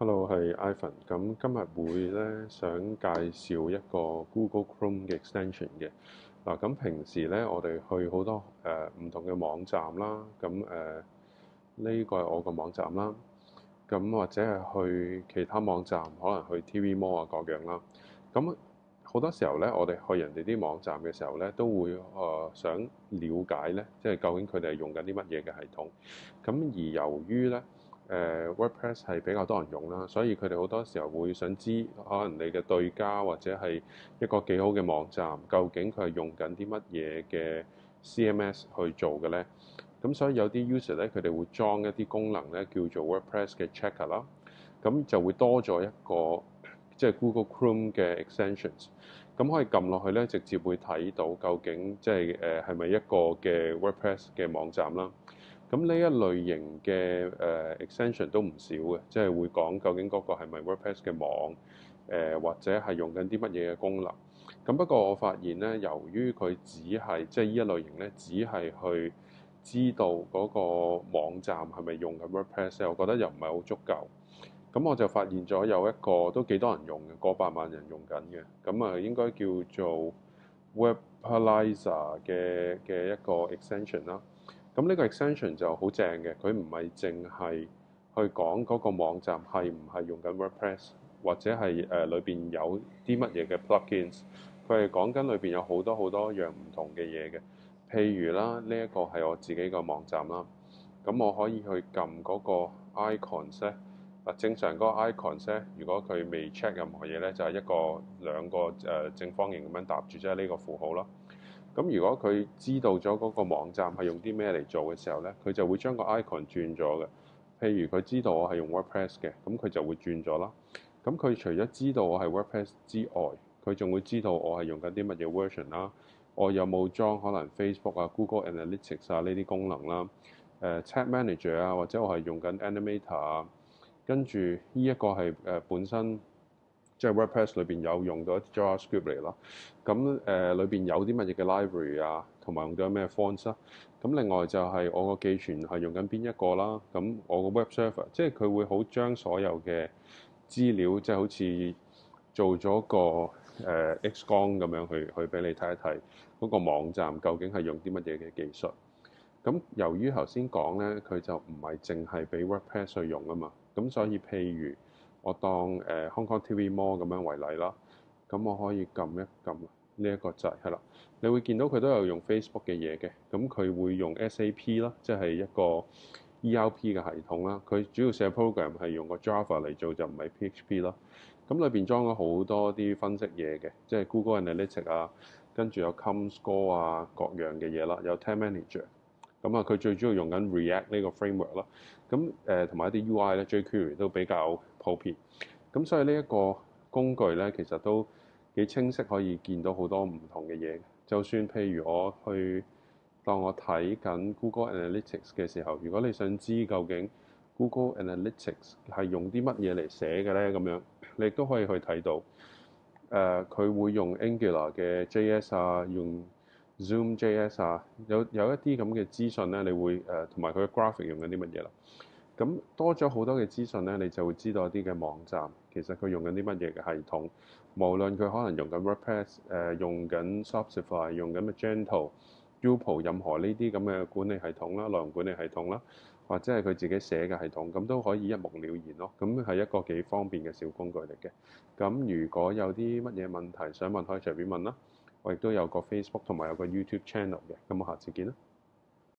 Hello，係 Ivan。咁今日會咧想介紹一個 Google Chrome 嘅 extension 嘅。嗱，咁平時咧我哋去好多誒唔同嘅網站啦，咁誒呢個係我個網站啦，咁或者係去其他網站，可能去 TV Mall 啊各樣啦。咁好多時候咧，我哋去人哋啲網站嘅時候咧，都會誒想了解咧，即係究竟佢哋係用緊啲乜嘢嘅系統。咁而由於咧。誒、uh, WordPress 係比較多人用啦，所以佢哋好多時候會想知，可能你嘅對家或者係一個幾好嘅網站，究竟佢係用緊啲乜嘢嘅 CMS 去做嘅咧？咁所以有啲 user 咧，佢哋會裝一啲功能咧，叫做 WordPress 嘅 checker 啦。咁就會多咗一個即係、就是、Google Chrome 嘅 extensions。咁可以撳落去咧，直接會睇到究竟即係誒係咪一個嘅 WordPress 嘅網站啦。咁呢一類型嘅誒、uh, extension 都唔少嘅，即係會講究竟嗰個係咪 WordPress 嘅網誒、呃，或者係用緊啲乜嘢嘅功能。咁不過我發現咧，由於佢只係即係呢一類型咧，只係去知道嗰個網站係咪用緊 WordPress 咧，我覺得又唔係好足夠。咁我就發現咗有一個都幾多人用嘅，過百萬人用緊嘅，咁啊應該叫做 Webalyzer 嘅嘅一個 extension 啦。咁呢個 extension 就好正嘅，佢唔係淨係去講嗰個網站係唔係用緊 WordPress 或者係誒裏邊有啲乜嘢嘅 plugins，佢係講緊裏邊有好多好多樣唔同嘅嘢嘅。譬如啦，呢一個係我自己個網站啦，咁我可以去撳嗰個 icons 咧。嗱，正常嗰個 icons 咧，如果佢未 check 任何嘢咧，就係一個兩個誒正方形咁樣搭住即係呢個符號咯。咁如果佢知道咗嗰個網站係用啲咩嚟做嘅時候呢，佢就會將個 icon 轉咗嘅。譬如佢知道我係用 WordPress 嘅，咁佢就會轉咗啦。咁佢除咗知道我係 WordPress 之外，佢仲會知道我係用緊啲乜嘢 version 啦，我有冇裝可能 Facebook 啊、Google Analytics 啊呢啲功能啦，誒、呃、Chat Manager 啊，或者我係用緊 Animator 啊，跟住呢一個係誒本身。即係 WordPress 裏邊有用到一啲 JavaScript 嚟咯，咁誒裏邊有啲乜嘢嘅 library 啊，同埋用咗咩 font 啊，咁另外就係我個寄存係用緊邊一個啦、啊，咁我個 web server 即係佢會好將所有嘅資料即係好似做咗個誒、uh, X 光咁樣去去俾你睇一睇嗰個網站究竟係用啲乜嘢嘅技術。咁由於頭先講咧，佢就唔係淨係俾 WordPress 去用啊嘛，咁所以譬如。我當誒 Hong Kong TV Mall 咁樣為例啦，咁我可以撳一撳呢一個掣係啦，你會見到佢都有用 Facebook 嘅嘢嘅，咁佢會用 SAP 啦，即係一個 ERP 嘅系統啦。佢主要寫 program 係用個 Java 嚟做，就唔係 PHP 咯。咁裏邊裝咗好多啲分析嘢嘅，即係 Google Analytics 啊，跟住有 Comscore 啊各樣嘅嘢啦，有 Time Manager。咁啊，佢最主要用緊 React 呢個 framework 啦。咁誒同埋一啲 UI 咧，jQuery 都比較。咁，所以呢一個工具咧，其實都幾清晰，可以見到好多唔同嘅嘢。就算譬如我去當我睇緊 Google Analytics 嘅時候，如果你想知究竟 Google Analytics 係用啲乜嘢嚟寫嘅咧，咁樣你亦都可以去睇到。誒、呃，佢會用 Angular 嘅 JS 啊，用 Zoom JS 啊，有有一啲咁嘅資訊咧，你會誒同、呃、埋佢嘅 Graphic 用緊啲乜嘢啦。咁多咗好多嘅資訊咧，你就會知道一啲嘅網站其實佢用緊啲乜嘢嘅系統，無論佢可能用緊 WordPress，呃，用緊 Shopify，用緊嘅 Joomla、Drupal，任何呢啲咁嘅管理系統啦、內容管理系統啦，或者係佢自己寫嘅系統，咁都可以一目了然咯。咁係一個幾方便嘅小工具嚟嘅。咁如果有啲乜嘢問題想問，可以隨便問啦。我亦都有個 Facebook 同埋有，有個 YouTube Channel 嘅。咁我下次見啦。